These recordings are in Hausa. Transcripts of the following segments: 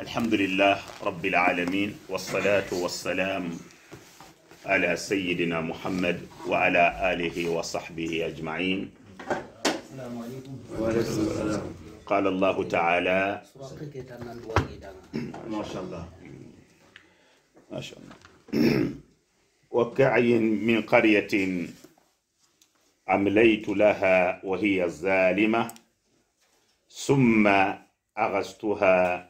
الحمد لله رب العالمين والصلاة والسلام على سيدنا محمد وعلى آله وصحبه أجمعين قال الله تعالى ما شاء الله ما شاء الله وكعي من قرية أمليت لها وهي الظالمة ثم أغزتها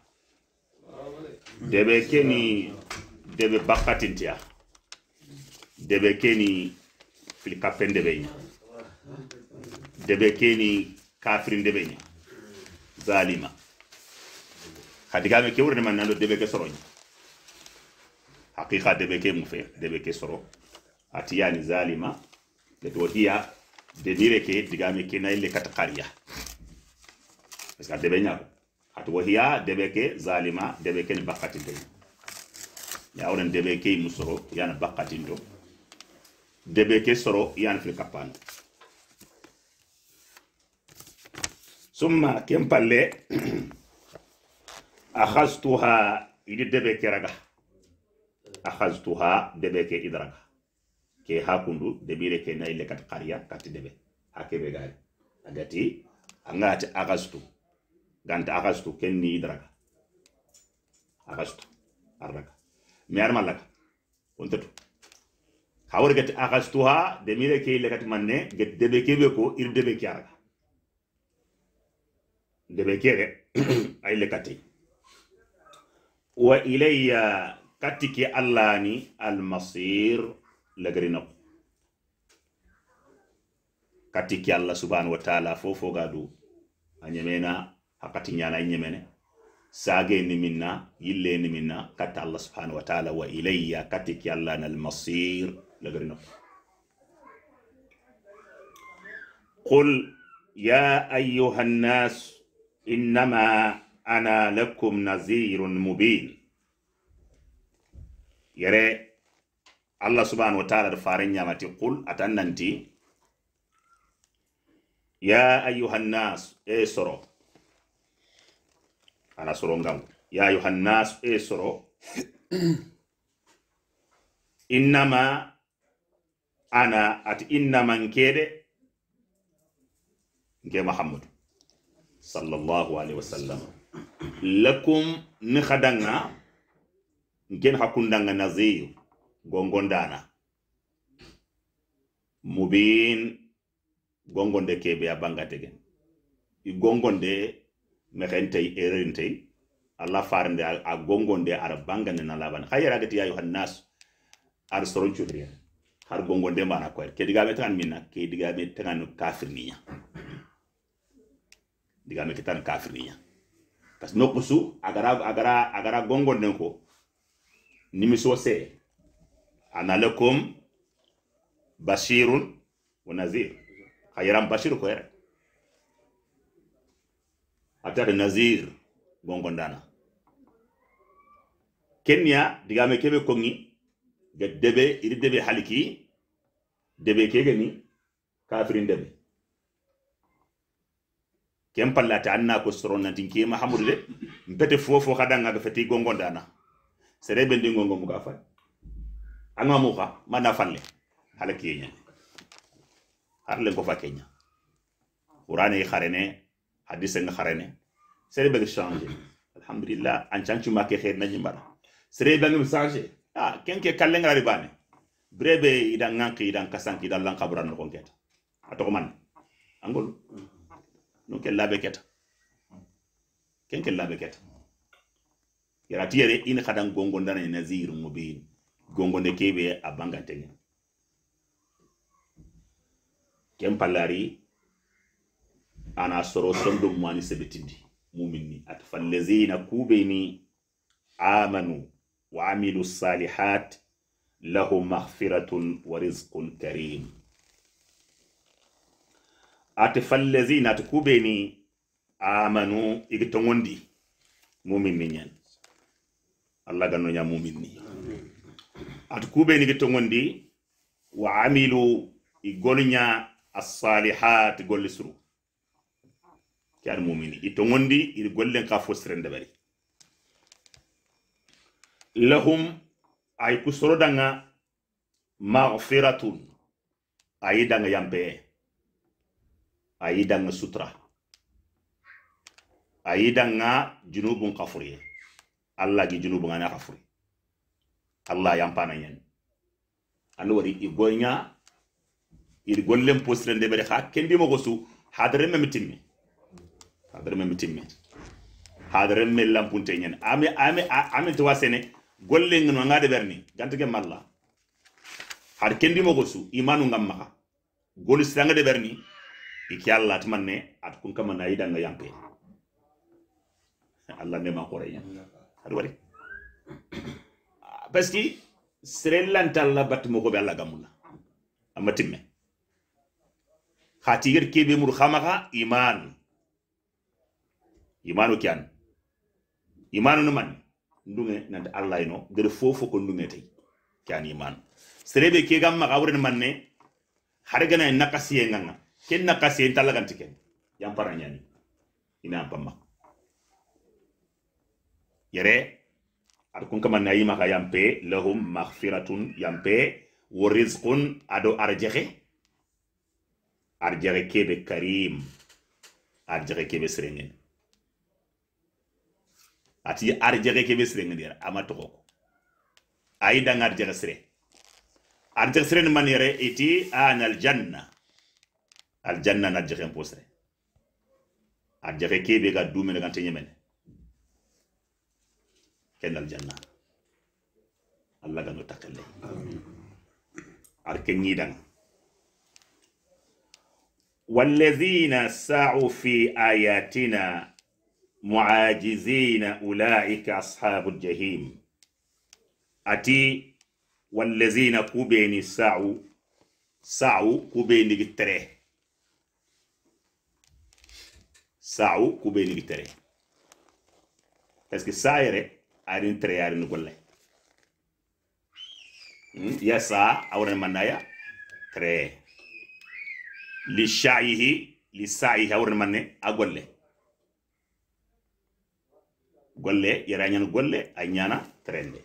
debe keni debe bakkatintiya debe keni filikapen debe ɲa debe keni kafirin debe zalima hadigame ke wurene man nando debe ke soro ɲa hakika debe ke mufe debe ke soro atiyani zalima leto hiya denire ke digame ke nayille katakariya parce que debe hati wahiya debe ke zalima debe ke ni bakkatinto ni awren debe ke imu soro yana bakkatinto debe ke soro yana fili kappanto summa ken palle akhastuha idi debe ke raga akhastuha debe ke idraga ke ha kundu debire ke nayille kati qariya kati debe ha kebe gari agati angati akhastuha ganta akastu ken ni idraga akastu arraga mi ar malaga ontetu hawar gati akastu ha de mire ke ile gati manne get debe kebe ko ir debe ke araga debe kere ay le kati wa ilayya katike allani katike allah wa fofo gadu anyemena hakati ñana ñemene sage ni minna yille ni minna kata allah subhanahu wa ta'ala wa ilayya kati ki allah na almasir lagarino قل يا أيها الناس إنما أنا لكم نذير مبين يرى الله سبحانه وتعالى فارن يامتي قل أتننتي يا أيها الناس إيه سرو ana soro ngamu ya yohannas e eh, soro innama ana ati innama nkede nke mahamadou sallallahu alaihi wasallam lakum ni hadanga nken hakundanga naziyu gongondana mubin gongonde kebe ya bangategen tegen gongonde mexentey erentey alla farnde a gongonde ara bangande na laban hay yaragati ya yuhan ar soron cudriya har gongonde mana koy ke diga me tan minna ke diga me tan kafir niya diga me tan kafir niya parce no kusu agara agara agara gongonde ko nimi so se analakum basirun wa nazir khayran bashir ko yara atade nazir bongondana kenya digame kebe kongi ga debe iri debe haliki debe kegeni kafirin debe ken pallata na ko soron nantin ke mahamudu de mpete fofo kadanga ga feti gongondana sere bendi gongo muga fay anga muka mana falle halaki yenya harle ko fa fakenya qur'ani kharene nga xare kharene sere be changer alhamdulillah an chanchu ma ke khair najim bana sere be ngam changer ah ken ke nga ngari bane brebe ki nganki idan kasanki idan lan kabran no konketa atoko man angol no ke labe keta ken ke labe keta yara tiere in khadan gongon dana nazir mubin gongon de kebe abanga tenya ken palari ana soro sondum mani sebetindi mumini ati fallazina kubeni amanu wa amilu salihat lahu maghfiratun wa rizqun karim ati fallazina ati kubeni amanu igi tongondi mumin ni ñan allah ganno ña mumin ni ati kubeni igi tongondi wa amilu i golña assalihat golli suru ke an mumini ito gondi iri gollen ka fo sirende bari lahum ay ku soro danga magfiratun ayi danga yampeye ayi danga sutra ayi danga junubun kafuriye allah gi junubun ana kafuri allah yampana yen ando wari i goña iri gollen posirende bari ha kendi mogo su hadare memi timmi adarame mi timme hadaran me Ame ame ami ami ami to wasene golle no ngade berni ke malla har kendi mogosu gosu imanu ngam maka golu sanga de berni iki alla atmanne at kun kama na yidanga yampe alla ne ma kore yan har wari parce que Allah bat mogo be alla gamulla amma timme khatigir kebe mur khamaka iman imanu kyan imano no man ndunge nanta allah ino gede fofo ko ndunge tay kyan iman serebe ke gam ma gawren ne har gana nakasi nakasiye nganga ken nakasiye talaganti ken yam para nyani ina pamma yere ar kun kama nayi maka yampe lahum maghfiratun yampe wa rizqun ado arjexe arjexe kebe karim arjexe kebe serengene ati arjege kebe sirenga dira ama tokoko ayi danga arjege sire arjege sire ni manere iti an ah, al janna na arjege mpo sire ke be ga dumene ga tenye mene ken janna allah gano takalle ar ni danga والذين سعوا في آياتنا muajizina ulaika ashabu jahim ati wallazina kubeni sa'u sa'u kubeni gitere sa'u kubeni gitere parce que sa yere arin tere arin golle hmm? ya sa awran mandaya tere li sha'ihi li sa'ihi awran manne agolle golle yerañana golle ay ñana trende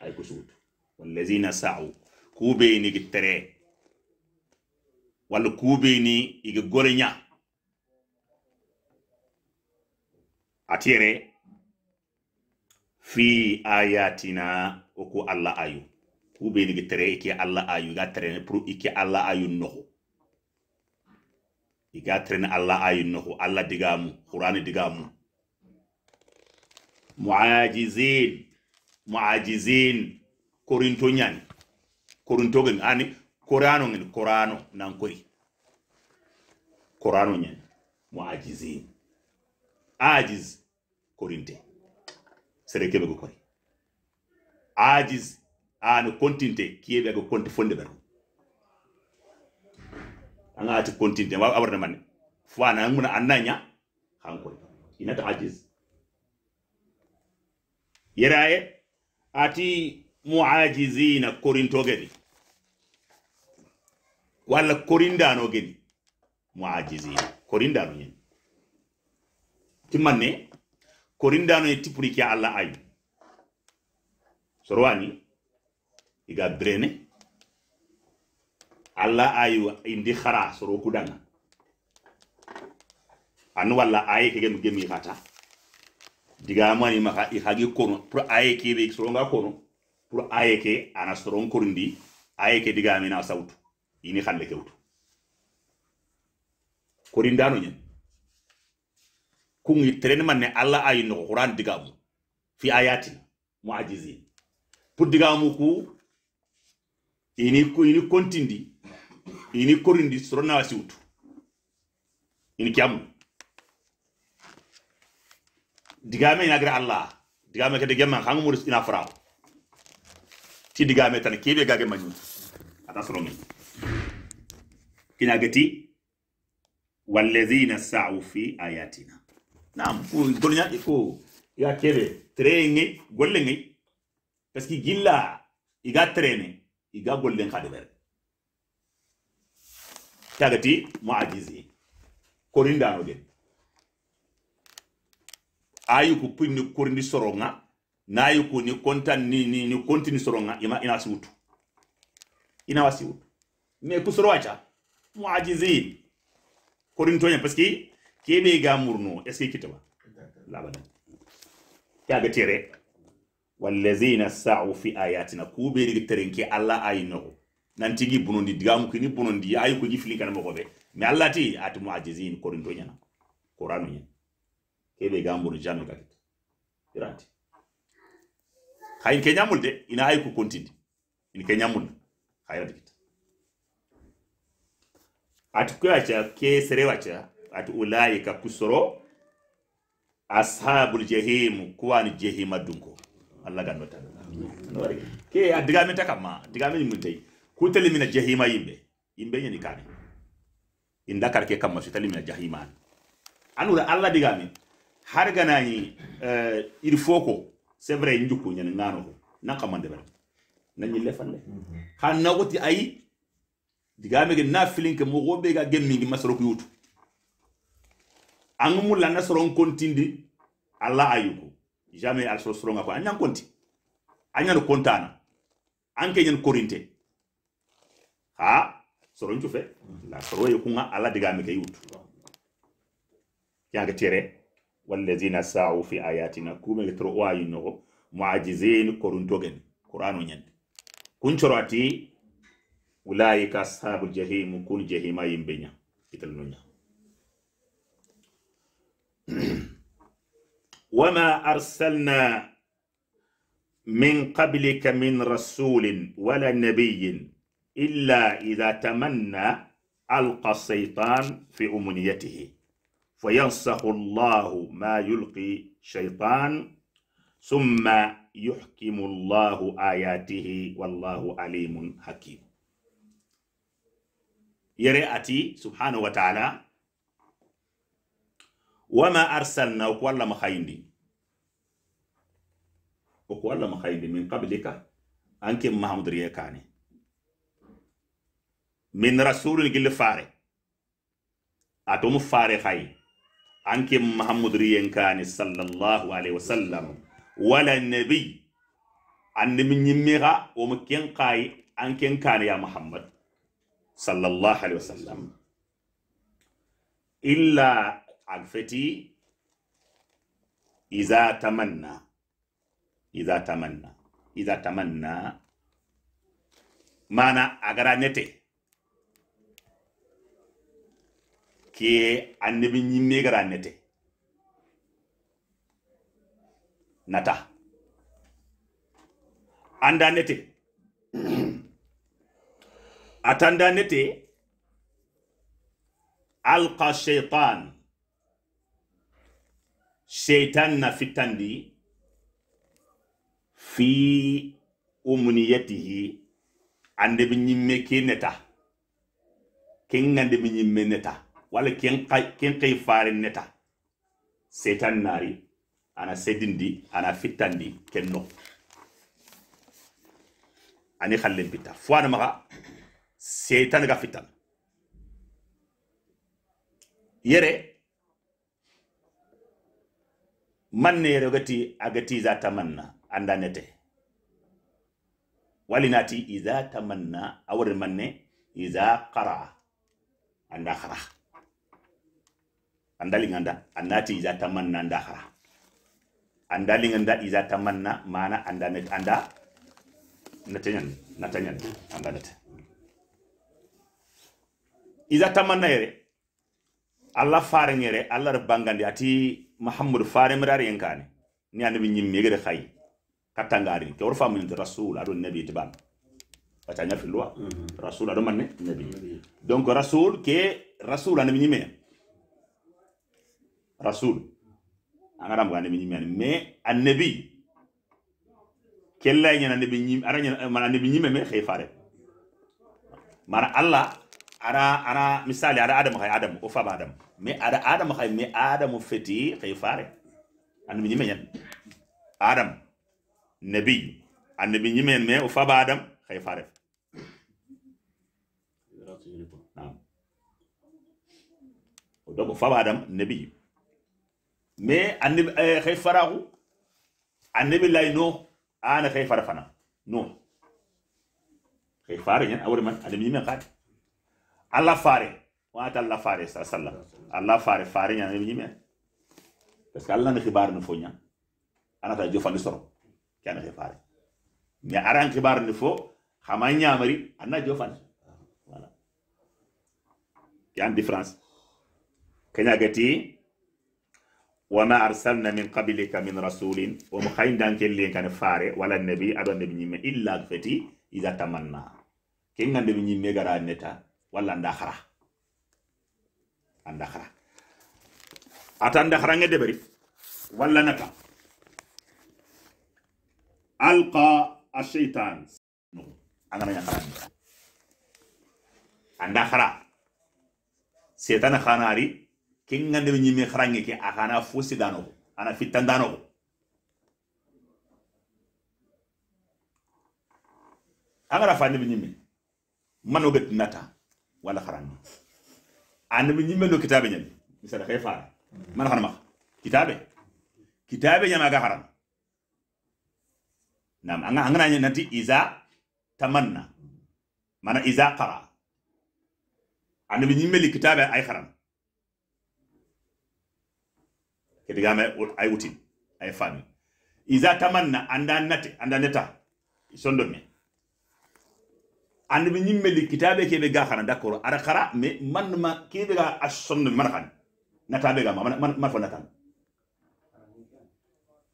ay ko suutu wallazina sa'u ni gi tere walla ni igi gore ña atiere fi ayatina oku allah ayu ni gi tere ike allah ayu ga tere pour ike allah ayu noxo iga terene allah ayu noxo allah digamu qur'ani digamu muajizin muajizin korinto ñani korinto gen ani korano gen korano nankori korano ñani muajizin ajiz korinte sere kebe ko kori ajiz ano kontinte kiyebe ko konti fonde ber anga ati kontinte wa abarna man fo ana nguna ananya hankori inata ajiz yeraye ati muajizina korinto gedi walla korindano gedi muajizina korindano ñen timmanne korindano e tippuri ke allah ayu sorowani iga brene allah ayu indi hara soro kudanga anu walla aye kegenu gemi hata diga mani maka i hagi kono pour aye ke be soronga kono pour aye ke ana soron korundi aye ke diga mina sautu ini khalle kewtu korindano nyen kungi man manne alla ayi no qur'an diga mu fi ayati mu'ajizin pour diga mu ku ini ku ini kontindi ini korindi sorona siutu ini kiamu digame ina gra allah digame ke digame hangu murus ina farao ti digame tan kebe gage manyun ata sorongi kina gati walladhina sa'u fi ayatina nam ko golnya iko ya kebe trenge gollenge parce que gilla iga trene iga gollen kade ber tagati mu'ajizi korindano de ayu ko pinni ni soronga nayu ko ni kontan ni ni, ni kontini soronga ima ina siwutu ina wasiwutu me kusoro wacha muajizin tonya parce que kebe ga murno est ce kitaba labana ya ga tere wallazina sa'u fi ayatina kube ni terenke alla ayno nanti gi bunondi digam ko ni bunondi ayu ko gi filikan mo gobe me allati atu muajizin korinto tonya qur'anu nya gambo ni jano kakita irati khayin kenya mulde ina hai ku kontindi in ke nyamul khayrat kita at ko cha ke serewa cha atu ulai ka kusoro ashabul jahim kuwa ni jehima dunko allah ganno tan ke adiga meta kama adiga meni mulde ku mina jehima yimbe yimbe nyani kani indakar ke kama su mina jahima anura allah digame har ganani uh, eh, irfoko faut ko c'est vrai njuku nyani ngano ko na kamande bari na nyille fande mhm. har na goti ayi diga ge na feeling ke mo gobe ga gemmi ngi masaro ko yutu an la na soron kontindi alla ayuko jamais al soron ko anyan konti anyan kontana anke ke nyen korinte ha soron tu fe mhm. la soro yukunga alla digame ke yutu yaga tere والذين سعوا في آياتنا كم لتروا ينو معجزين كورنتوغن قرآن ين كنشراتي أولئك أصحاب الجحيم كون جهيما يمبنيا إتلنونيا وما أرسلنا من قبلك من رسول ولا نبي إلا إذا تمنى ألقى الشيطان في أمنيته فينسخ الله ما يلقي شيطان ثم يحكم الله آياته والله عليم حكيم يرأتي سبحانه وتعالى وما أرسلنا وكوالا مخيندي وكوالا مخيندي من قبلك أنك محمد ريكاني من رسول الجل فاري أتوم فاري خير anke muhammadu riyen kani sallallahu alaihi wasallam wala nabi annabi nyimmira o mu ken kai anken kani ya muhammad sallallahu alaihi wasallam illa alfati, iza tamanna iza tamanna iza tamanna mana agara nete ke annabin ñimme megara nete nata anda nete atanda nete alka shaitan shaitan na fitandi fi umniyatihi annabi ñimme k'i neta ken annabi ñimme neta wala ken kay faren neta setan nari ana sedindi ana fitandi ken no ani xallen bita foana maxa setan ga fitan yere man ne yere gati agati za tamanna anda nete nati iza tamanna awar manne iza qara anda qara nganda annati iza tamanna andali nganda iza tamanna mana anda net anda natanyan natanyan anda net iza tamanna yere Allah faring yere Allah bangandi ati muhammad faren mirar yankane ni annabi nyim megere khayi katangari ke orfa min rasul adu nabi tiban wata nya filwa rasul adu manne nabi donc rasul ke rasul annabi nyime ya? رسول انا رام غاني مي مي النبي كلا ني النبي ني أنا ني مان النبي ني مي خي فاري مان الله أنا أنا مثال ارا ادم خي ادم او فاب ادم مي ارا ادم خي مي ادم فتي خي فاري أنا مي ني ادم نبي النبي ني مي او فاب ادم خي فاري نعم. ودوك فاب ادم نبي mais annabi khay farahu annabi lay no ana khay fara fana no khay fara yan awre man annabi men qad alla fare wa ta alla fare sallallahu alla fare fare yan annabi men parce que alla na khibar no fonya ana ta jofandi soro kana khay fare mais aran khibar no fo xama ñamari anna jofandi voilà yan différence kanya gati وما أرسلنا من قبلك من رسول ومخين دانك اللي كان فاري ولا النبي أدو النبي نيمة إلا فتي إذا تمنى كين النبي نيمة غرا نتا ولا ندخرا ندخرا أتا ندخرا ندبري ولا نتا ألقى الشيطان أنا ما يخرا ندخرا سيطان خاناري kinga ndebe nyimi kharange ke akana fusi dano ana fitan dano angara fa ndebe nyimi mano bet nata wala kharange an be nyimi lo kitabe nyame misala khay fa man kitabe kitabe nyama ga haram nam anga angana nanti iza tamanna mana iza kara. Anu be nyime li kitabe ay kharam ketigame ay wuti ay fami iza tamanna anda nate anda neta sondo me andi nyimme li kitabe kebe ga khana d'accord ara khara me man ma kebe ga asondo man khan nata be ga ma man man fo natan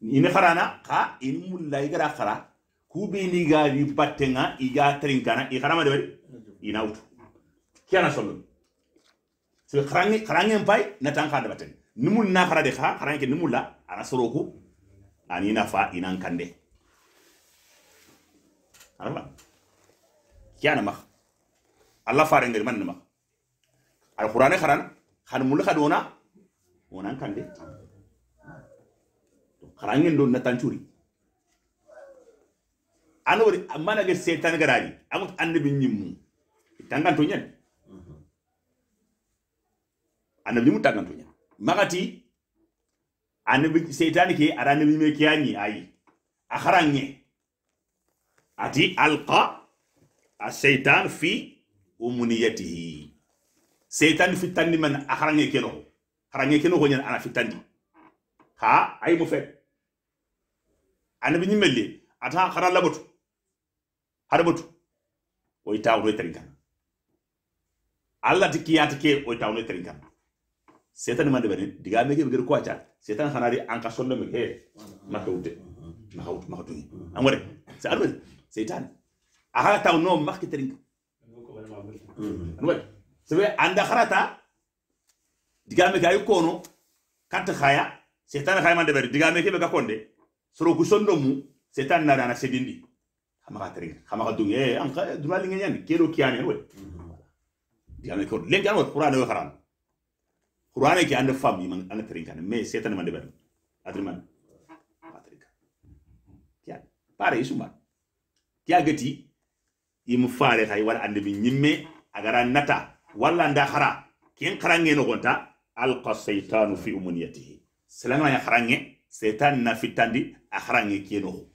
ine kharana kha in mulla igara khara kubi ni ga ri battenga iga trinkana i khara ma de ina wutu kiana sondomi sel kharangi kharangi mpai natan khanda nimul na fara de kha khara ke nimula ana ko ani na fa inan kande arba kiyana mak allah fa rengel man mak al qur'ane kharan khan mul khadona onan kande ngi don na tancuri ana wori amana ge setan garari amut annabi nyimmu tanganto nyen mhm. annabi mu tanganto nyen magati anabi seytani ke ada nabi me kiyani ayi akharanye ati alqa aseitan fi umuniyatihi seitan fi tandi man akharanye keno akharanye keno ko nyana ana fi tanni ha ay mo fet anabi ni melle ata khara labutu harbatu o itawno trinkan allah tikiyata ke o itawno trinkan setan man debari diga mege bigir ko acha setan hanari anka sondo mege he makawde makawde am wore sa arbe setan aha taw no makki tering se be anda kharata diga mege ay kono kat khaya setan khaya man debari diga mege be konde soro ku sonno mu setan na na sedindi ka tering dungi dunge anka dunali ngi ni kero kiyani we diga mege ko len kan wa qur'an wa kharam qur'ana ke anda fam man anda terinkan me setan man debar adri man patrinka ya pare man ya gati im fare tay wala ande bi nyimme agara nata wala nda khara ken kharange no gonta alqa shaytanu fi umuniyatihi selanga ya kharange setan na fitandi a keno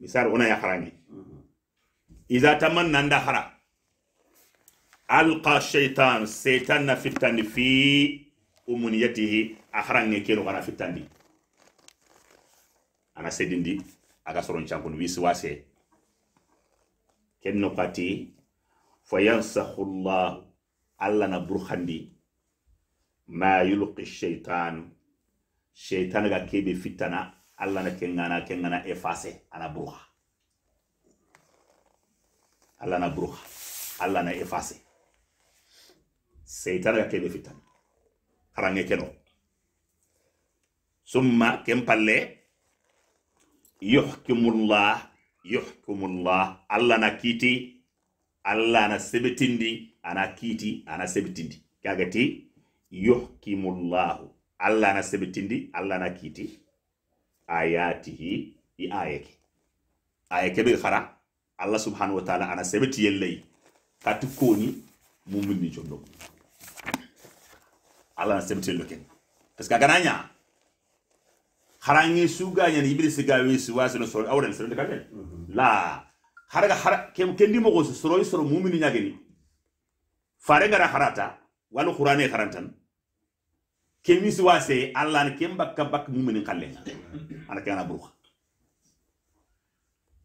misar ona ya kharange iza tamanna nda khara alqa shaitan setan na fittandi fi umuniyatihi a harange keno kana fittandi ana sedindi aga soron cankun wisiwase ken no kati fa yansakhu llahu allah na ma yulqi shaitanu shaitan ga kebe fittana allah na kengana kengana efase ana burha allah na burha allah na efase seytana ga kebe fitan harange keno summa ken palle yuhkimullah yuhkumullah allah na kiiti allah ana sebitindi ana kiiti ana sebitindi kagati yuhkimullahu allah ana sebitindi allah na kiiti ayatihi i ayeke aye keɓe hara allah subhanahu wa taala ana sebiti yelley kati koni mumini jondomo ala sebte loken parce que gananya harangi suga nyani iblis siga wesi wasi no soro awren soro kabe la haraga har kem kendi mo gosu soro soro mu'minu nyageni Farenga na harata walu kurane harantan kemi si se allah ne kem bakka bak mu'minu kallenga ana kana burkha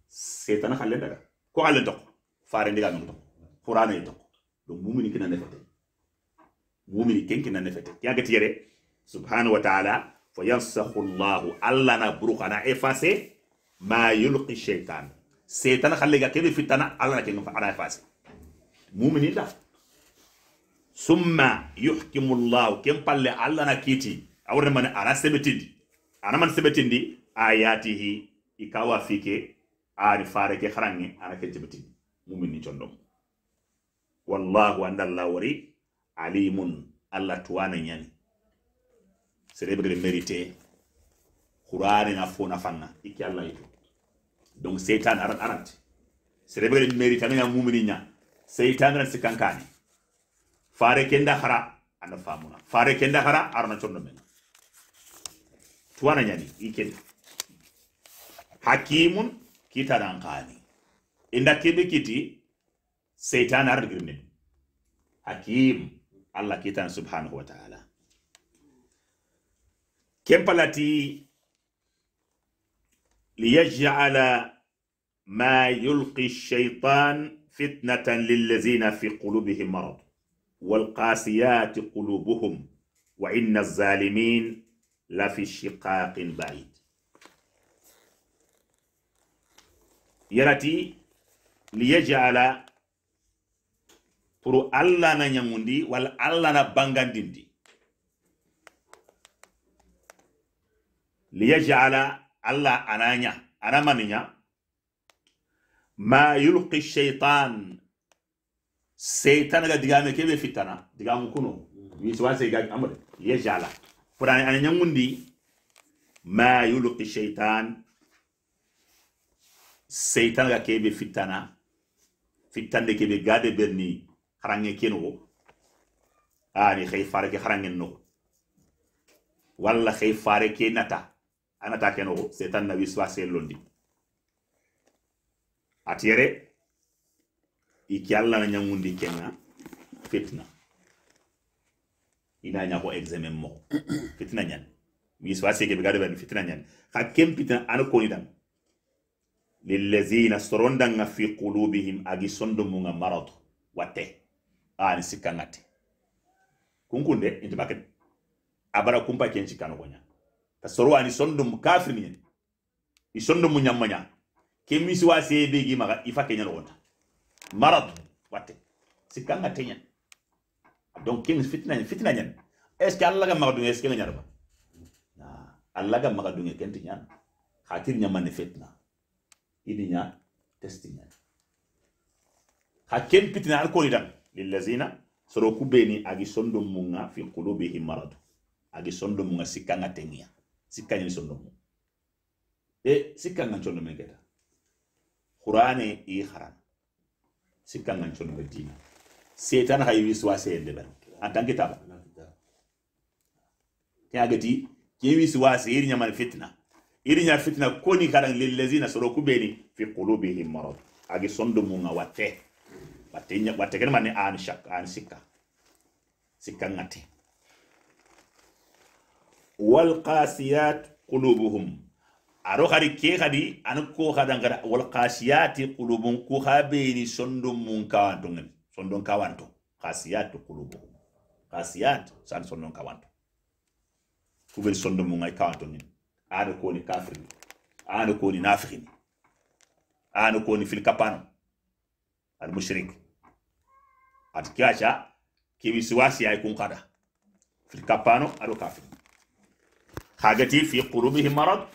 setan kallen daga ko alle tok, fare ndiga ngum dok qur'ani dok do mu'minu kina ne wumini kenki nan fete yaga tiyere subhanahu wa ta'ala fa yansakhu allah alla na buruka na effacer ma yulqi shaytan shaytan khalli ga kebe fitana allah kenga fa ana effacer mu'minin la summa yuhkimu allah kem palle alla na kiti awre man ara sebetindi ana man sebetindi ayatihi ikawa fike ari fare ke kharangi ara ke jebetindi mu'minin chondom wallahu andallahu wari alimun allah tuana nyani celebre mérité qur'an na fo na fanna ikki allah itu donc Setan arat arat celebre mérité na mumini nya seytan na sikankani fare kenda khara anafamuna, famuna fare kenda khara arna chondo men tuwana nyani iki hakimun kita kani inda kibikiti kiti arat aran hakim allah kitan subhanahu wa ta'ala kempalati liyaj'ala ma yulqi shaytan fitnatan lillazina fi qulubihim marad والقاسيات قلوبهم وإن الظالمين لفي شقاق بعيد يرتي ليجعل puru alla na nyamundi wal alla na bangandindi liyajala alla anaña nya. ma yulqi shaitan seitan ga digame kebe fitana digamu kuno wisiwa sega amade jala. pour ananya mundi ma yulqi shaitan seitan ga kebe fitana fitande kebe gade berni harange kenugo ani xey fare ke harangen no walla xey fare ke nata anata ke setan na wiswase londi atiyere i alla na ñangundi kenga fitna ina ñako examen mo fitna ñan wiswase ke be gado ben fitna nyan ha kem fitna an ko ni dan lillazina sorondanga fi qulubihim agi sondo munga marad watte ani ah, sikangati kunkunde inti maket abara kumpa kenci kanogonya kasoro ani sondum kafirni yani i sondum munyamanya kemisi wa sebe gi maga ifa kenya nonta marad watte sikkanga tenya donc kin fitna fitna nyen est ce que allah ga magadu est ce que nganyarba na allah ga magadu ngi kenti nyan khatir nyamane fitna idinya testinya hakem pitna lillazina soro kubeni agi sondo munga fi qulubihim marad agi sondo munga sikanga tenia sikanya ni sondo munga e sikanga chondo mengeta qur'ane i haram sikanga chondo medina setan haywi swase ende ban atangi taba kagati kewi swase irinya man fitna irinya fitna koni karan lillazina soro kubeni fi qulubihim marad agi sondo munga wate batinya nya watte ken mane an ah, shak an ah, sikka sikka ngati wal qasiyat qulubuhum aro khari ke khadi an ko khada ngara wal qasiyati qulubun ku khabeni sondum mun kawanto ngani sondon kawanto qasiyat qulubuhum qasiyat san sondum kawanto ku ben sondum mun ay kawanto ngani an ko ni kafiri an ko ni nafiqini an ko ni fil kapano al mushrik ati ke aca kiwisiwasi ay kun kada fil kappano aɗo kafir hagati fi qulubihim marad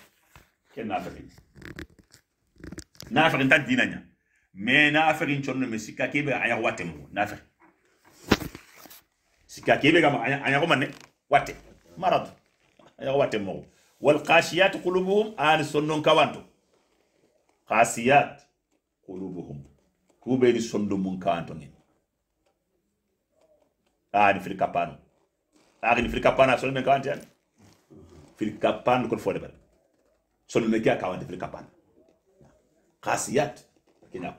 ke nafiqin nafiqin ta dinaña mais nafiqin conno mi sikka keɓe ayax watte mu nafiqi sikka keɓe gama ayaxo manne watte marad ayaxo watte moxo wal kasiyat qulubuhum ani sonnon kawanto kasiyat qulubuhum tuɓeni sondo mun kawanto ŋen ani firka kapano agni firka kapano solo men kawante ani firka pano kon fode bal solo men kia kawante firka kapano khasiyat kina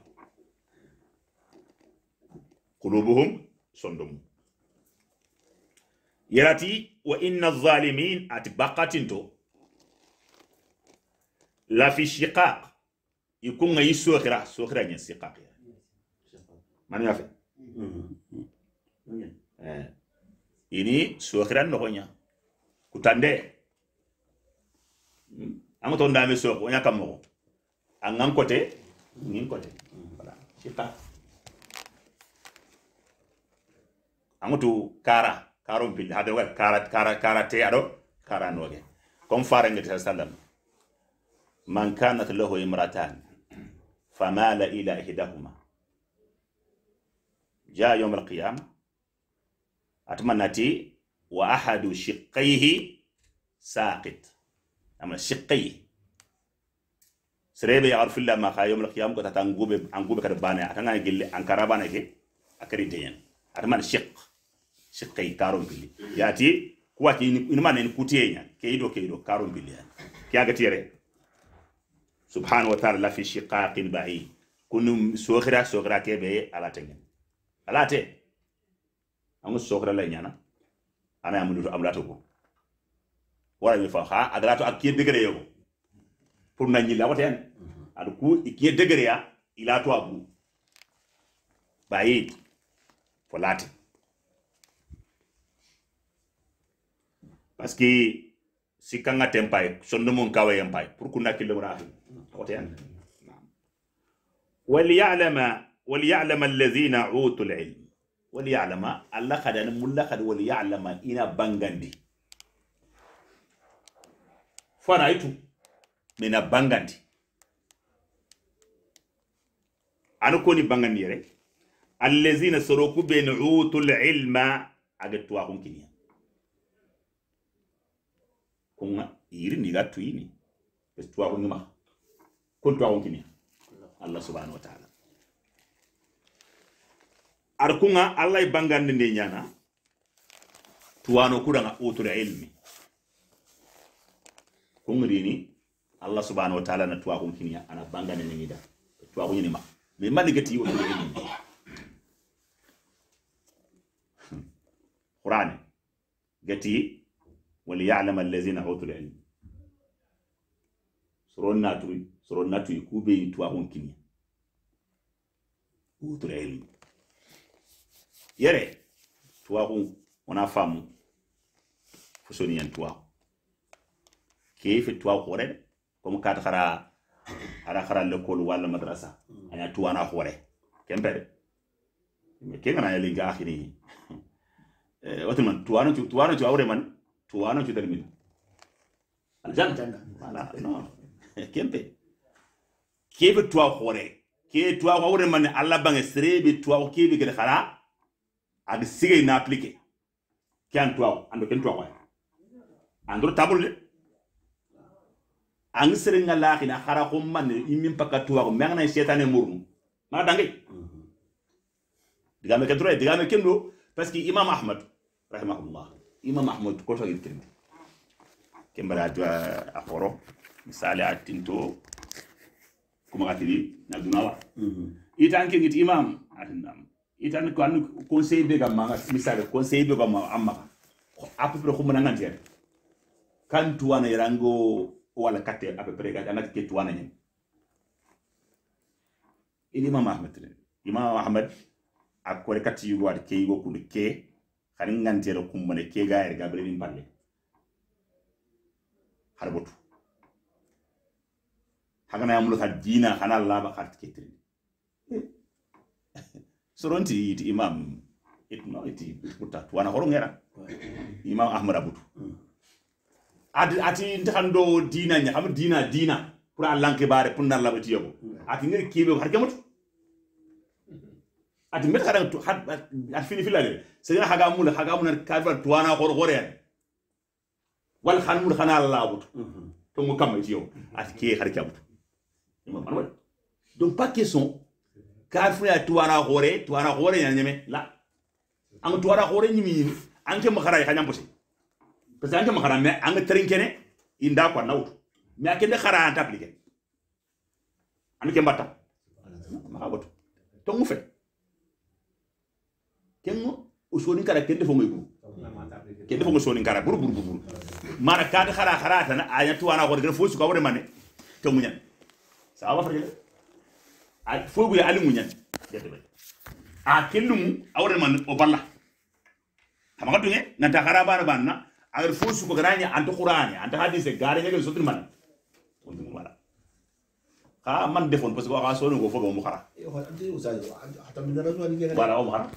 qulubuhum sondum yarati wa inna adh bakatin to la fi shiqaq ikunga yi sokhira sokhira nyen siqaq ya mani yafe mm-hmm. mm-hmm. Eh. ini suwakiran nogonya kutande hmm. ango to ndame suwak onya Ang ngam kote ngin kote wala kita Ang tu kara karo pin hado kara kara kara te aro kara noge anu kom fare ngi sallam man kanat lahu imratan famala ila ihdahuma jaa yawm al-qiyamah atmanati wa ahadu shiqqayhi saqit shiqqayhi ya arfilla ma ko kada bana atanga gille ke akari atman shiqqayhi karum billi yati in man en ke ido ke ido karum billi ke subhanahu wa ta'ala fi shiqaqin ba'i kunum sokhira sokhira ke be an angu sokra la nyana ana amulu amulato ko wala mi fa ha adrato ak kiye degere yo pour na ñi la waten mhm. ad ku kiye degere ya ila to abu bayid folati parce que si kanga tempay sondo mon kawe yampay pour ku nakilo rahi waten وليعلم وليعلم الذين اوتوا العلم wal ya'lama allah kada ni mulla kada ya ya'lama ina bangandi fana itu mina bangandi an koni bangandi yere allazina soroku ben utul ilma aga tuwa kun kiniya kunga iri ni ga tuyini tuwa kun ma kun tuwa kun kiniya allah subhanahu wa ta'ala arkunga allah bangande nde ñana tuwano kuranga utura ilmi kungrini allah subhanahu wa ta'ala na tuwa kunkiniya ana bangande ne ngida tuwa kunyini ma me maligati utura ilmi qur'ani gati وليعلم الذين اوتوا العلم سرون ناتوي سرون ناتوي كوبي تواهم كينيا اوتوا العلم yere tuwa yɛrɛ tuwaku wona faamu fosoniyan tuwaku keefe tuwaku hore de comme kata ara khara le kol wala madrasa aya tuwana hore kempede ke ngana yeli ga akhiri eh, watuman tuwano cu tuwano cu awre man tuwa tuwano cu termina aljanna wala no kembe kefe tuwa hore ke tuwa hore man alla bange serebe tuwa kebe gele khara adi sigay na appliqué kian an ando ken tuwa ya. ando andro tabul de ang sere nga la khina khara ko man imin pakka tuwa ko mang na setané murnu ma dangay diga me diga me kendo parce que imam ahmad rahimahullah imam ahmad ko to yitrim kembara tuwa akoro misali atinto kuma katiri na dunawa mhm. itanke ngit imam atinam itan ko an conseil be gam misal conseil be amma à peu près ko mona ngan kan tuana yarango wala katte a peu près ga anati ke tuana nyen ili imam ahmed ne imam ahmed akore kati yugo ad ke yugo kun ke kharin ngan tiere kum mona ke ga er bre min balle harbotu hagana yamulo ta dina hanal laba kharti ke tirin soronti iti imam it itno iti utatu wana horongera imam ahmad abutu ati ati ntando dina nya am dina dina pour alanke bare pour nan labati yogo ati ngir kibe har jamut ati met hadan to at fini filale se ga haga mul haga mun ka ba tuana hor gore wal khan mul khana labut mhm. to mu kam ci yow ati ke har jamut imam ahmad donc pas question kafir ya tuwara gore tuwara gore ya nyeme la ang tuwara gore nyimi anke makara ya kanyam posi parce anke makara me ang trinkene inda kwa naut me akende khara anta aplike anke mbata makaboto to ngufe kengo usoni kara kende fo ngugo kende fo usoni kara buru buru buru mara kad khara khara tan anya tuwara gore fo su ka wore mane to munyan sawa farjele fogu ya alimu nyan a kellumu awre man o balla hama ko nge na ta khara bar banna agar fusu su ko garani anto qur'ani anto hadise gare nge so tin man on dum wala ha man defon parce que wa so ngo fogo mu khara wala o khara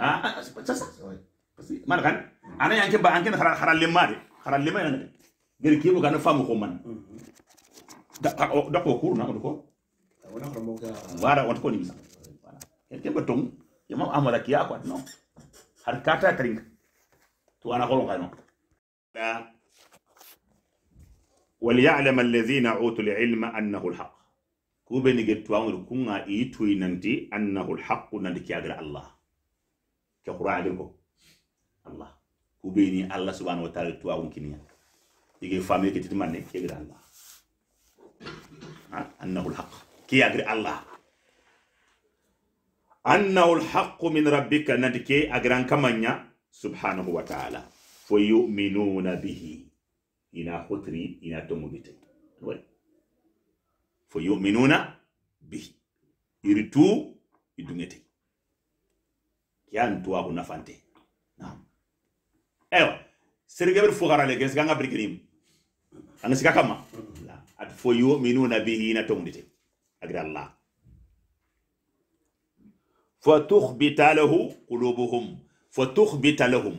ah, ah parce man kan ana yanke ba anke khara khara lemma de khara lemma ngene ngir kibu kan famu ko man mm-hmm. da ko kurna ko wara wata ko ni bisa en ke batum imam amara kiya ko no har kata tring to ana ko ngano da wal ya'lam alladhina utul ilma annahu alhaq ku be ni get tuangu kunga i tuyi nanti annahu alhaq nanti kiya gara allah ke qur'an ko allah ku be ni allah subhanahu wa ta'ala tuangu kiniya ige famille ke timanne kiya gara allah annahu alhaq agri allah ul-haqqu min rabbika nadike agri agran kamanya subhanahu wa ta'ala fo yu'minuna bihi ina hotri ina tomugite fo yu'minuna bihi iritu idungete kiantuwa hunafante naam ewa sergeɓer fogarale ke siganga birkinim anga siga kamma mm-hmm. at fo yu'minuna bihi ina tomudite agri allah fatukhbita lahu qulubuhum fatukhbita lahum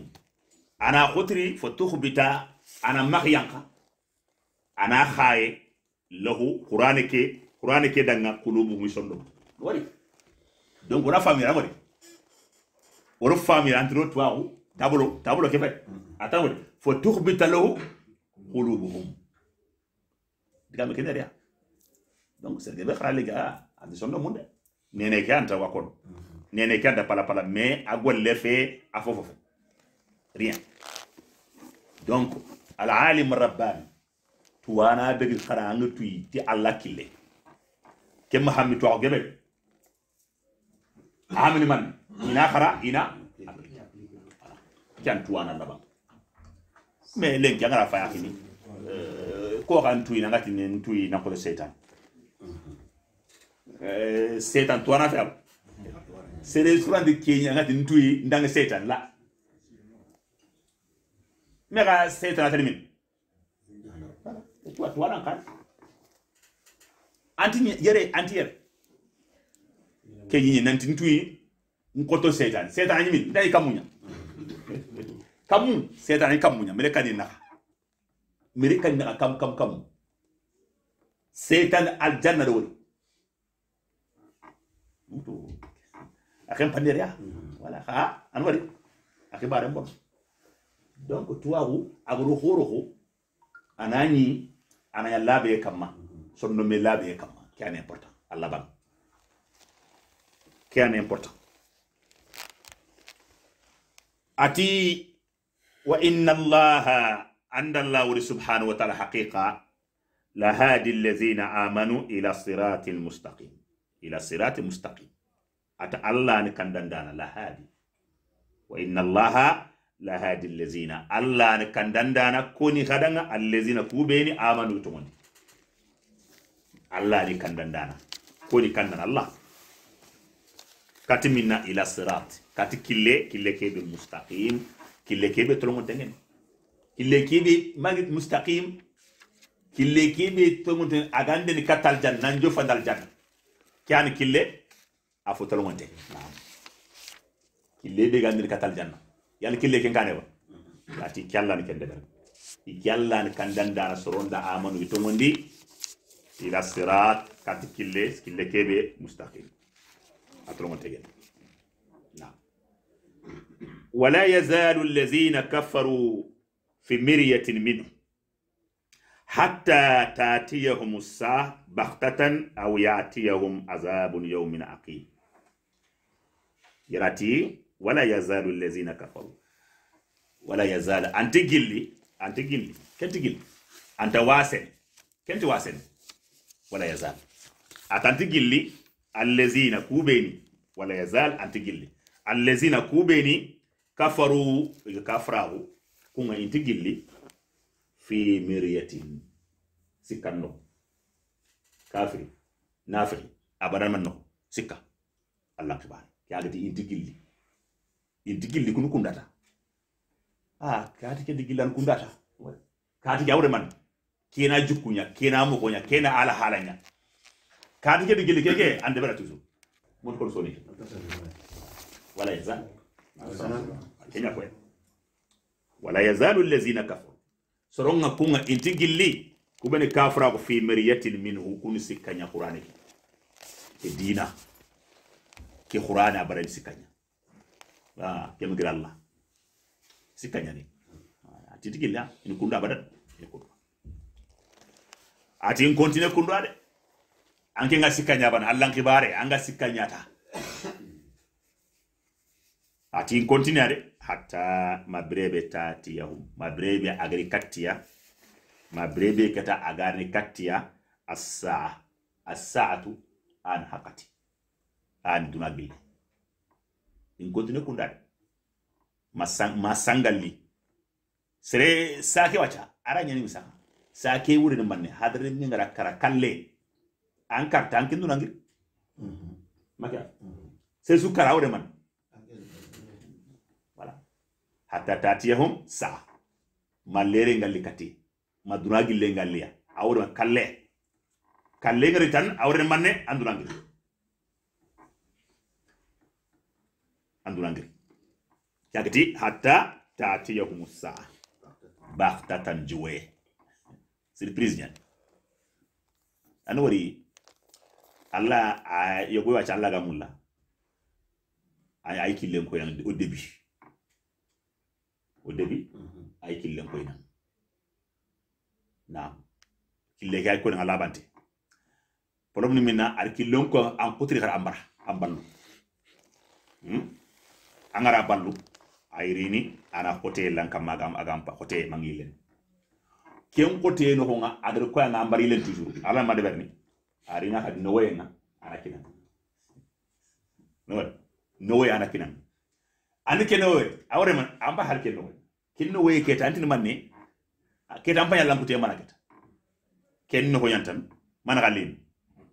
ana khutri fatukhbita ana maghyanka ana khaye lahu qur'ani ke qur'ani ke danga qulubuhum sondo wari donc wala famira wari wala famira antro twaru tablo tablo ke fait attends wari fatukhbita lahu qulubuhum diga me kenariya donc serge be xarale ga andi sondo munde nene ke anta wa kono nene ke anda pala pala mais a golle fe a fofofo rien donc al alim rabbani tuwana begi xara anga tuyi ti allah kille ke ma hammi to gebe amini man ina xara ina kan tuwana laba mais len jangara faya kini ko kan tuyi nangati nen tuyi nakolo setan Eh, setan tuwana fe am sere kenya ngati ntui ndang setan la mega setan atani min tuwana kan anti yere anti yere nanti ntui nkoto setan setan anyi min ndai kamunya kamu setan anyi kamunya mereka ni mereka ni kam kam kam setan aljanna do mutu akem pandir ya wala ha anwari ake bare mbon donc tuwaku agro khoro anani anaya labe kamma sonno me labe kamma qui est important Allah ban qui est important ati wa inna allaha عند الله سبحانه وتعالى حقيقة لهادي الذين آمنوا إلى الصراط المستقيم ila sirati mustaqim ata allah ni kandandana lahadi wa inna allaha lahadi allazina allah ni kandandana koni hadanga allazina kubeni amanu tumoni allah ni kandandana koni kandana allah kati minna ila sirat kati kille kille kebe mustaqim kille kebe tolongo dengen kille kebe magit mustaqim kille kebe tolongo dengen agande ni katal janna njo fandal janna kyani kille a fotalongonte kille be gandir katal janna yani kille ken kaneba mhm. ati kyallani ken deber i kyallani kandandana soronda amanu itongondi ila sirat kati kille kille kebe mustaqim atolongonte gen na wala yazalu allazina kafaru fi miryatin minhu hatta tatiyahum sa bakhtatan aw yatiyahum azabun yawmin aqim yarati wala yazalu allazina kafaru wala yazalu anti gilli anti gilli kenti gilli anta wasen kenti wasen wala yazal atanti gilli allazina kubeni wala yazal anti gilli allazina kubeni kafaru kafrahu kunga inti gilli fi miryatin sikanno kafir nafiri abadan manno sikka allah kibari kagati inti intigilli inti kunu kundata ah kati ke digilan kundata kati jawre man kena jukunya kena mogonya kena ala halanya kati ke digilli keke ande bara toujours mon kon soni wala yazal wala yazal allazina kafaru soronga kunga inti gilli kubeni kafra ko fi mariyatin minhu kuni sikanya qur'ani ke dina ke qur'ani abarani sikanya, ah ke gira allah sikanya ni ah, ati gilla ah, in kunda abadan ni kunda ati in continue kunda de anke nga ban allah kibare anga sikanya ta atin continua de hatta mabrebe tatiyahum mabrebe agari kattiya mabrebe kata agarni kattiya assaa assaatu an hakati an duna in continue kunda masang, masangalli sere sake wacha aranya ni misa sake wuri ni manne hadare ni ngara kara kalle an kartan an kindu nangir mm -hmm. makia mm -hmm. sai su kara wuri manne hatta tatiyahum saa mallere ngalli kati maduna gille ngalliya awre kalle kalle ngari tan awre manne anduna ngiri anduna ngiri yagati hatta tatiyahum saa baktatan juwe surprise nyan an wari allah yogoy wacca allah gamulla ay ay killen koyan au début والنبي أي كلن كوينا نعم كلن كاي كوينا على بانتي بروبلم منا أر كلن كو أم كتري خر أمبر أمبرلو أنغرا بالو airini ana kote lan kam magam agam pa kote mangilen ken kote no honga adar ko nga ambari len toujours ala ma deberni arina had no wayna ana kinan no no way ana kinan ani kene wo awore man amba hal kene wo kinno wo ke tanti ni manne ke tan panya lampu te manakata ken no yantam mana galin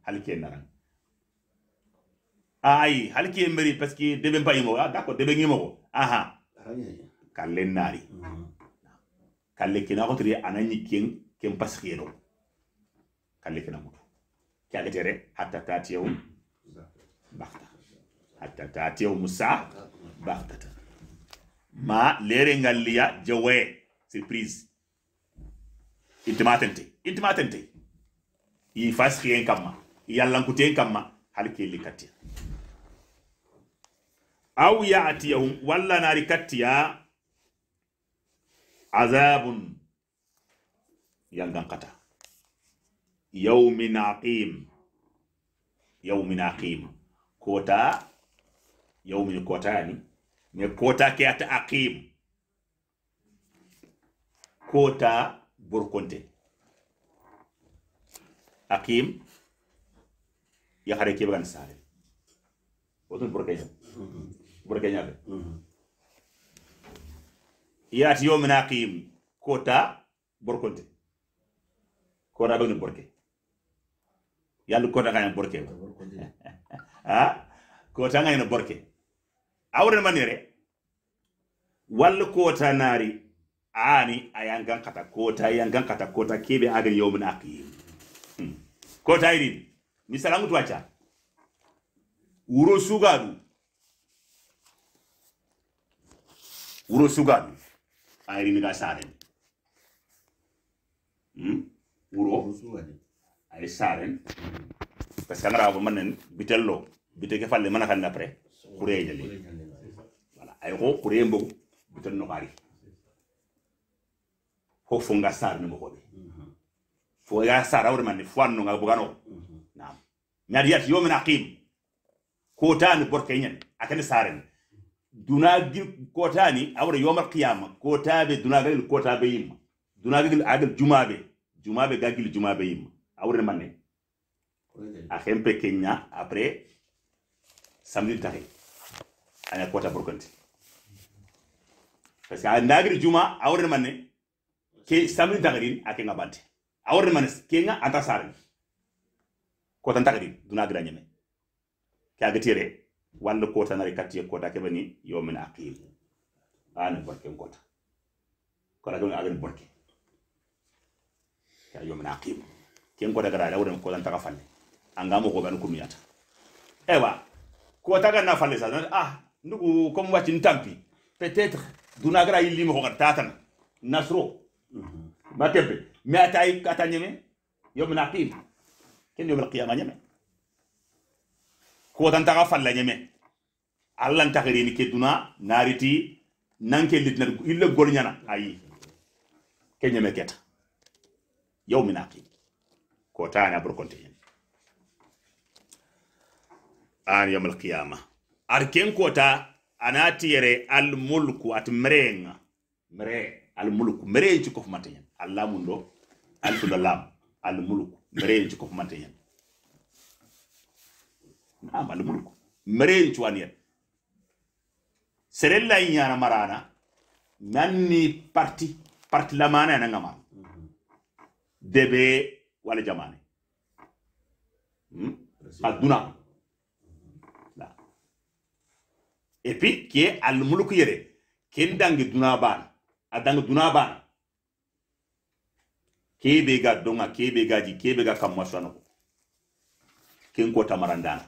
hal ke naran ay hal ke mberi parce que debe mbay mo ah d'accord debe ngimo ko aha kalle nari kalle kina ko tri anani ken ken paskero kalle kina mutu kya gatere hatta tatiyum bakta hatta tatiyum musa baghtata ma lere ngalliya jawaye surprise intimatente intimatente i fasikiyen kamma yallankuteen kamma hal kelli kattiya aw yatiyahum walla naari kattiya azabun yangan kata yawmin aqim yawmin aqim kota yawmin kotani mais ta ke ata aqim kota borkonte aqim yaxare ke bagan sare wotun borkeña borkeñaɓe yaati yomin aqim kota borkonte kota bagni borke yallu kota kaña borke ha kota ngayno borke awren manere walla kota nari ani ayangan kata kota ayangan kata kota kebe aga yawmin aqim hmm. kota irin misalangu twacha urusugadu urusugadu wuro sugadu ayrini ga saren hmm? wuro ay saren parce que ngara ba manen bitello biteke falle manaka napre kureje li ay ko kure a buton no gari ho fonga sar ni mbogo fo ya sar awre man ni fwanno ngal bugano nam nyadi yat yo min aqim ko tan borke nyen akani saren duna gil ko tani awre yomal qiyama ko tabe duna gil ko tabe yim duna gil agal jumabe jumabe gagil jumabe yim awre man ne a xempe kenya après samedi taxi ana kota burkonti parce que a andagiri juma awre manne ke samedi a ke nga bante awre manne ke nga anta sarni kota tan tagarin duna gira nyame ke a agatire walla ko tan ari katti ko ta ke bani yomin aqil an barke ngota ko ra gona agan barke ke yomin aqil ken ko daga ra awre ko tan taga falle anga mo ko ban kumiyata ewa ko taga na falle sa ah ndugu comme wati ntampi peut-être duna gara yilli mo hogar tatan nasro ma tebbe me atay kata nyeme yom naqim ken yom alqiyama nyeme ko tan taga falla nyeme allah tagari ni ke duna nariti nanke litna illa gol nyana ayi ken nyeme keta yom naqim ko tana bur konti an yom alqiyama ar ken kota anati yere al mulku at mrenga mre al mulku mre ci ko fumata yan allah mun do al lam al mulku mre ci ko fumata yan naam al mulku mre ci wan yan serella nyana marana nanni parti parti lamana na ngama debe wala jamane hmm? aduna et puis qui est al mulku yere ken dangi duna bana a dangi duna bana kebe ga donga kebe ga ji kebe ga kamma masano ken ko tamarandana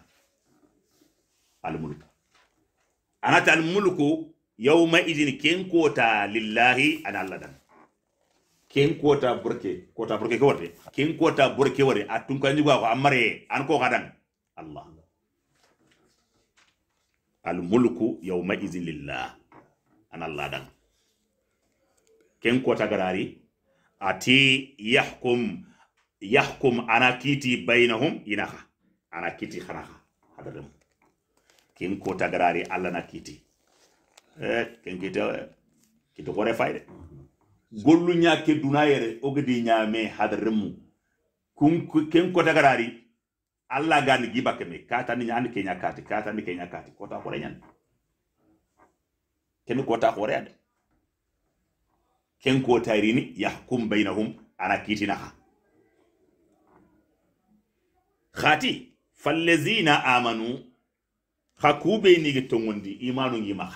al mulku anata al mulku yawma idin ken ta lillahi an allah dan ken kota burke ta burke ko wate ken kota burke wari atun kan ko amare an ko kadan allah almulku yawma izi lillah an allah dan ken kota garari ati yahkum yahkum ana kiti bainahum inaha ana kiti hanaha hadaram ken kota garari allah na kiti eh ken kita eh, kita gore fayde gollu nya ke dunayere ogedi nya me hadarmu kun ken kota garari alla gani giba keme kata ni nyani kenya kati kata ni kenya kati kota kore nyan kemi kota kore ade ken kota irini yahkum bainahum ana kitina ha khati fallazina amanu hakube ni gitongundi imanu ngima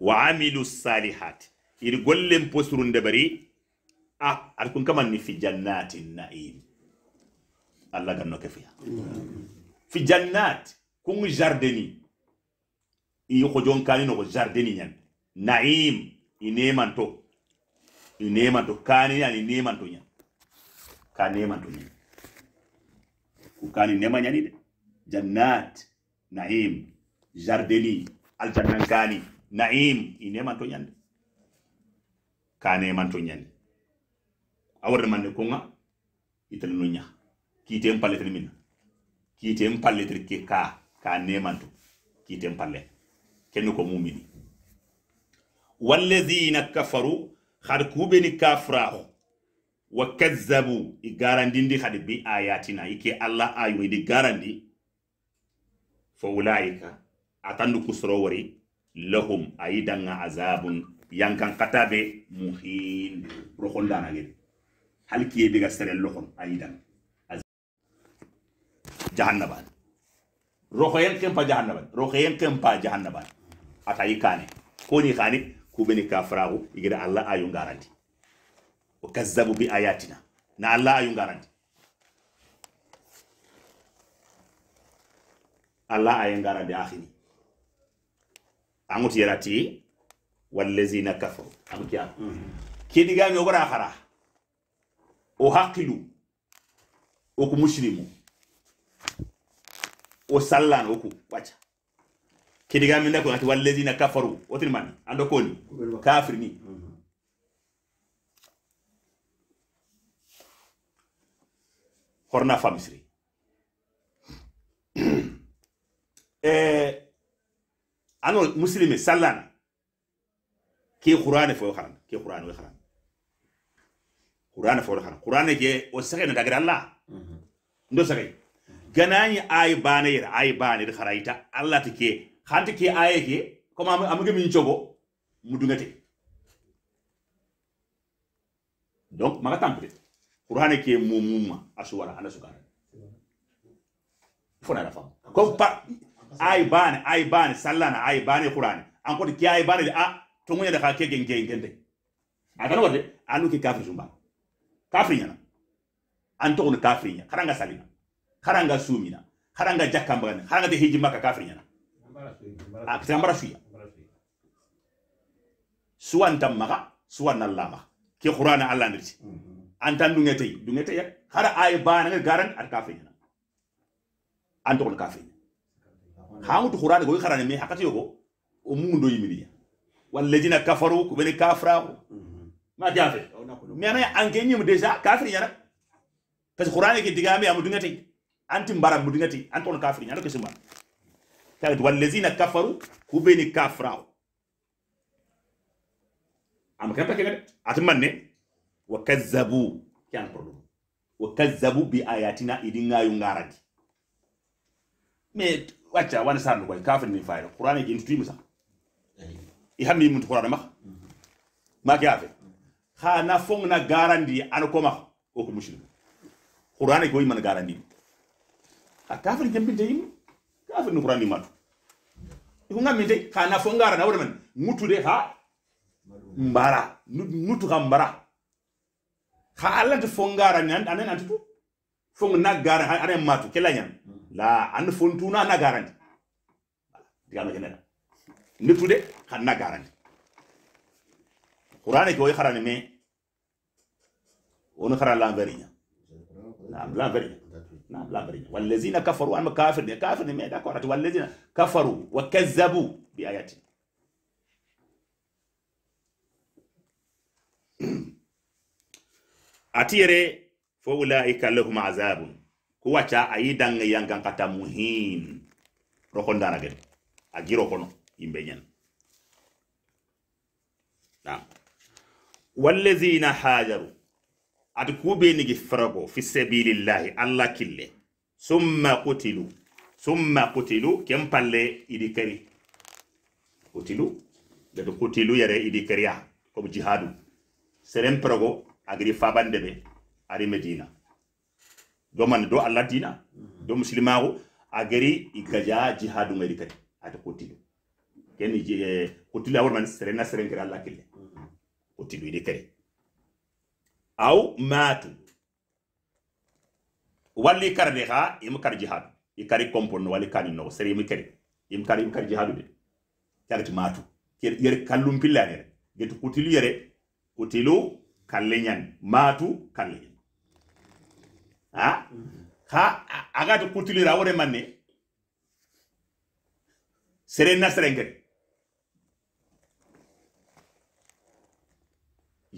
wa amilu salihat ir gollem posrunde bari a ah, ar kun kamanni fi jannatin na'im allah ganno ke fiya fi jannat kun jardeni i jon kani nogo jardeni nyan. naim i nemanto i nemanto kani ani nemanto ñan ka nemanto nyan ku kani nema nyan de jannat naim jardeni jannan kani naim i nemanto ñande ka nemanto ñani a man ko kunga itel nu nyan kiten palle tiri min kiten palle tiri ke ka ka nemantu kiten palle kennu ko mumini walladhina kafaru khad kubeni kafrahu wa kazzabu i garandindi hadi bi ayatina ike allah ayo idi garandi fo ulaika atandu kusoro wari lahum ayi danga azabun yankan katabe muhin rohondanagedi hal kiye bega sere lohon ayi danga jahannaban rohoyen kempa jahannaban rohoyen kempa jahannaban ni kane koni kane ka farahu igira allah ayu garanti kazzabu bi ayatina na allah ayu garanti allah ayu garanti akhini amuti yarati wallazina kafaru ki kidi gami ogora khara o haqilu o ku muslimu o sallan o wacha kidiga min da ko ati na kafaru otin man ando ko ni kafir mhm. ni horna famisri eh ano muslimi sallan ke qur'ani fo xaran ke qur'ani wo xaran qur'ani fo xaran qur'ani ke o sege na dagara la mhm. ndo sege ganani ay banir ay banir kharaita allah tike hanti ke aye ke koma amuge min chogo mudungate donc maga tampre qur'ana ke ma asuwara ana sukara fona da fam ko pa ay ban ay ban sallana ay ban qur'ani an ko ki ay ban a to ngunya da ka ke genge gende atana wade anu ki kafir zumba kafir yana an to ko kafir yana karanga salina haranga sumina haranga jakkambagani haranga de hiji makka kafri ñana a kita mbara suya suwan tam maga suwan nalla maga ke qur'ana allah ndirti antan dunge tay ya tay hara ay bana nga garan at kafir ñana antokol kafir hamutu qur'ana go kharane me hakati yogo o mungo do yimini walladina kafaru ko bene kafra ko ma jafe mais ana anke ñim déjà kafri ñana parce que qur'ana ke digame amu dunge tay anti mbara mudingati anton kafiri nyalo kesima tawet wallazina kafaru kubeni kafrao am kata kega atmanne wa kazzabu kyan problem wa kazzabu bi ayatina idinga yungaradi me wacha wana sanu kwa kafiri ni qur'an qur'ani gintu tuimu sa hammi mun qur'an ma ma kafe ha na fong na garandi an koma o ko mushrik qur'ani ko iman garandi kafir kafir jambinte yimɓe kafir no qurani matu iko gamminte kana nafo ngara na mutu de ha mbara mutu ha mbara ha allante fo ngarani anen antitu fo na garan anen matu kelañan la an fontuna na gara ni garandi jenera mutu de han na gara garandi qur'ani ke woy xarani mais woni xara lan veriña la lan veriña na labari wallazina kafaru amma kafir ne kafir ne me da kwarati wallazina kafaru wa kazzabu bi ayati atiyere fo ulaika lahum azabun kuwaca ayi dange yangan kata dara rokondanagen agiro kono yimɓe na nam wallazina hajaru ati kube nigi farago fi sabilillahi allah kille summa kutilu summa kutilu ken palle idi kari kutilu gati kutilu yare idi kariya ko jihadu serem farago agri fabande be ari medina do man do allah dina do muslimaru agri igaja jihadu ngari kari ati kutilu ken kutilu eh, awol man serena serengira allah kille kutilu idi kari au matu walli karde ha im kar jihadu i kari komponno wali kani no sere im kari im kari im kar jihadu de karti matu yer kallum pillanere get utilu yere utilu kalle ñan matu kalle ñan ha ha agata kutilira wore manne sere nasere ngere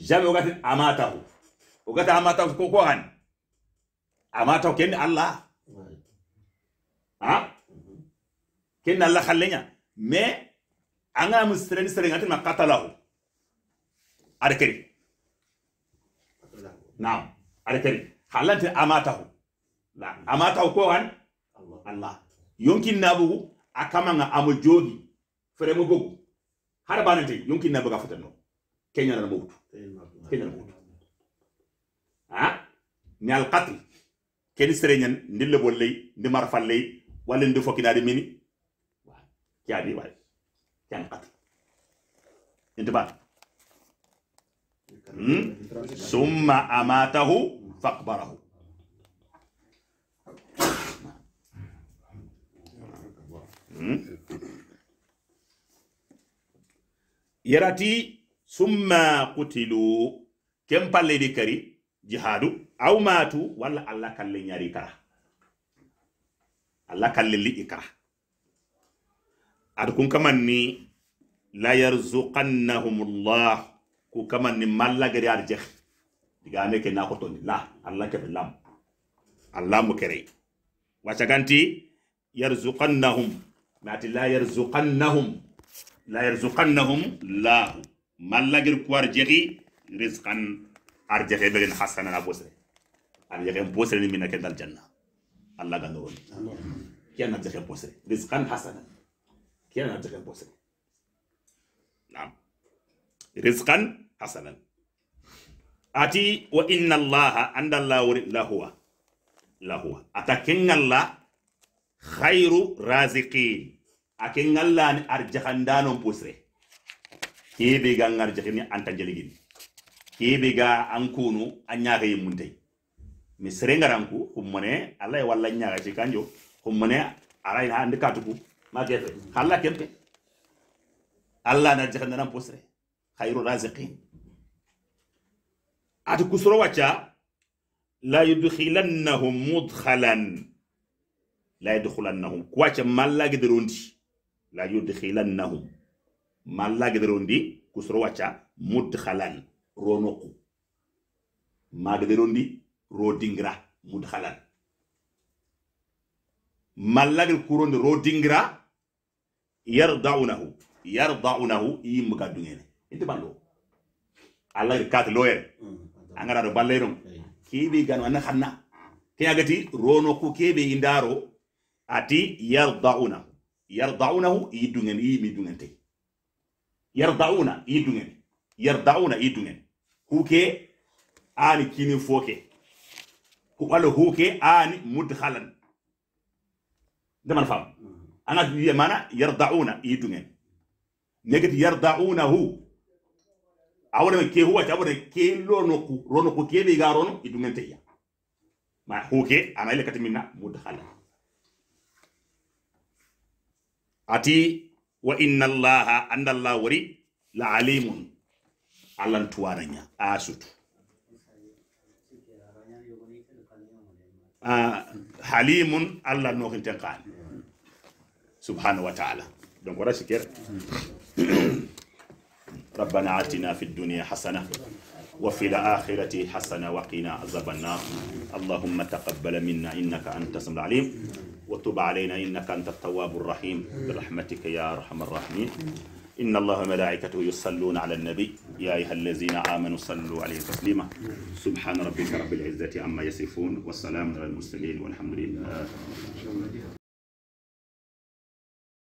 jamais wogati amatahu ta amata ko ko han amata ken allah ha ken allah khallenya me anga mu seren seren atin maqatalahu arkari na'am arkari keri amata amatahu la amatahu ko han allah yunkin nabu akama nga amu jogi fere mo bogu har yunkin nabu ga futano kenya na mutu kenya na mutu ni al qatl keni serenyen ndi lebol ley ndi marfal ley walla ndi fokkinade mini kiadi way kian qatl intiba hmm? summa amatahu faqbarahu hmm? yarati summa qutilu kem palleydi kari jihadu aw matu walla allah kalle ñari kara allah kalle liƴƴi kara aɗa kun kaman ni la yarzuqannahum llah ku kaman ni mallagere aɗa jeeh digame ke nakotoni la allah keɓe lam allah kere kerey waccaganti yarzuqannahum mati la yarzuqannahum la yarzukannahum lahu mallagir ku ar jehi risqan ar jehe hasana hasanana bosre an yaken posere ni mina ken dal janna allah ga no kiana jaken posere rizqan hasana kiana jaken posere na'am rizqan hasanan ati wa inna allaha anda allah wuri lahuwa lahuwa ata kengalla khairu raziqin akengalla ni arjahandano posre kebe ga ngarjahini anta jeligin kebe ga an kunu ankunu anyaga yimuntai mi serengaranku hummone alla e walla ñagaci kanjo hummone arayna andi katuku ma kefe halla kempe alla na jahandanan posre khayru raziqin ati kusoro wacca la yudkhilannahum mudkhalan la yudkhilannahum kuwacha malla gederondi la yudkhilannahum malla gederondi kusoro wacca mudkhalan ronoku ma gederondi rodingira mudhalan mallagil kuronde rodingira yardaunahu yardaunahu i inte ballo kat loyer hmm. angara do kibi ganu anna khanna ke agati rono ku kebe indaro ati yardaunahu yardauna yardauna huke ani kini foke wala hoke ani mudkhalan dama man fam ana yi mana yardauna idungen negati hu awone ke huwa tabore ke rono ku ke de garon idungen teya ma huke ana ile katimina mudkhalan ati wa inna allaha anda allahu wari la alimun alantuwananya asutu آه، حليم الله نوخ kaani سبحانه وتعالى دونك ورا شكر ربنا آتنا في الدنيا حسنة وفي الآخرة حسنة وقنا عذاب النار اللهم تقبل منا إنك أنت السميع العليم وتب علينا إنك أنت التواب الرحيم برحمتك يا أرحم الراحمين إن الله وملائكته يصلون على النبي يا أيها الذين آمنوا صلوا عليه تسليما سبحان ربك رب العزة عما يصفون والسلام على المرسلين والحمد لله